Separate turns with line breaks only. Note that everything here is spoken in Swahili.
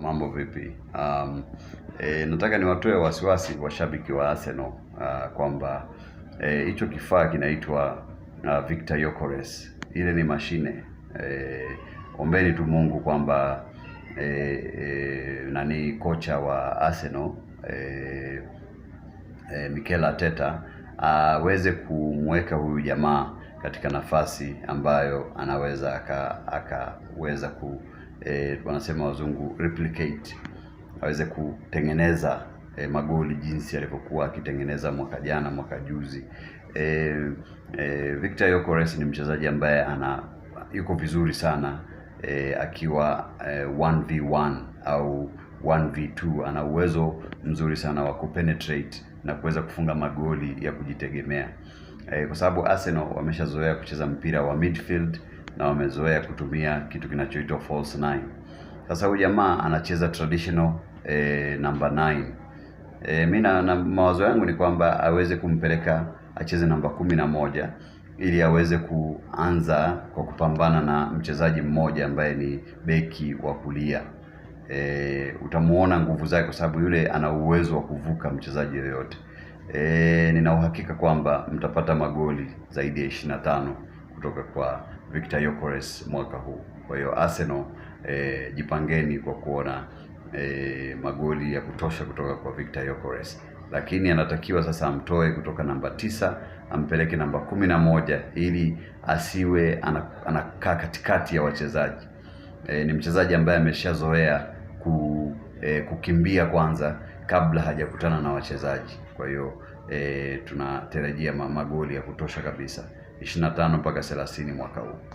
mambo vipi? Um, e, nataka niwatoe wasiwasi washabiki wa Arsenal uh, kwamba e, hicho e, kifaa kinaitwa uh, Victor Yokores, ile ni mashine e, ombeni tu Mungu kwamba e, e, nani kocha wa Arsenal e, e, Mikel Arteta aweze kumweka huyu jamaa katika nafasi ambayo anaweza akaweza aka, ku e, eh, wanasema wazungu replicate, aweze kutengeneza e, magoli jinsi alivyokuwa akitengeneza mwaka jana, mwaka juzi. E, e, Victor Yokores ni mchezaji ambaye ana yuko vizuri sana e, akiwa e, 1v1 au 1v2 ana uwezo mzuri sana wa kupenetrate na kuweza kufunga magoli ya kujitegemea e, kwa sababu Arsenal wameshazoea kucheza mpira wa midfield na wamezoea kutumia kitu kinachoitwa false nine. Sasa huyu jamaa anacheza traditional e, number nine. E, mi na, na mawazo yangu ni kwamba aweze kumpeleka acheze namba kumi na moja ili aweze kuanza kwa kupambana na mchezaji mmoja ambaye ni beki wa kulia. E, utamuona nguvu zake kwa sababu yule ana uwezo wa kuvuka mchezaji yoyote. E, nina uhakika kwamba mtapata magoli zaidi ya ishirini na tano kutoka kwa Victor Yokores mwaka huu. Kwa hiyo Arsenal, e, jipangeni kwa kuona e, magoli ya kutosha kutoka kwa Victor Yokores, lakini anatakiwa sasa amtoe kutoka namba tisa ampeleke namba kumi na moja ili asiwe anakaa katikati ya wachezaji. E, ni mchezaji ambaye ameshazoea ku, e, kukimbia kwanza kabla hajakutana na wachezaji. Kwa hiyo e, tunatarajia magoli ya kutosha kabisa 25 mpaka 30 mwaka huu.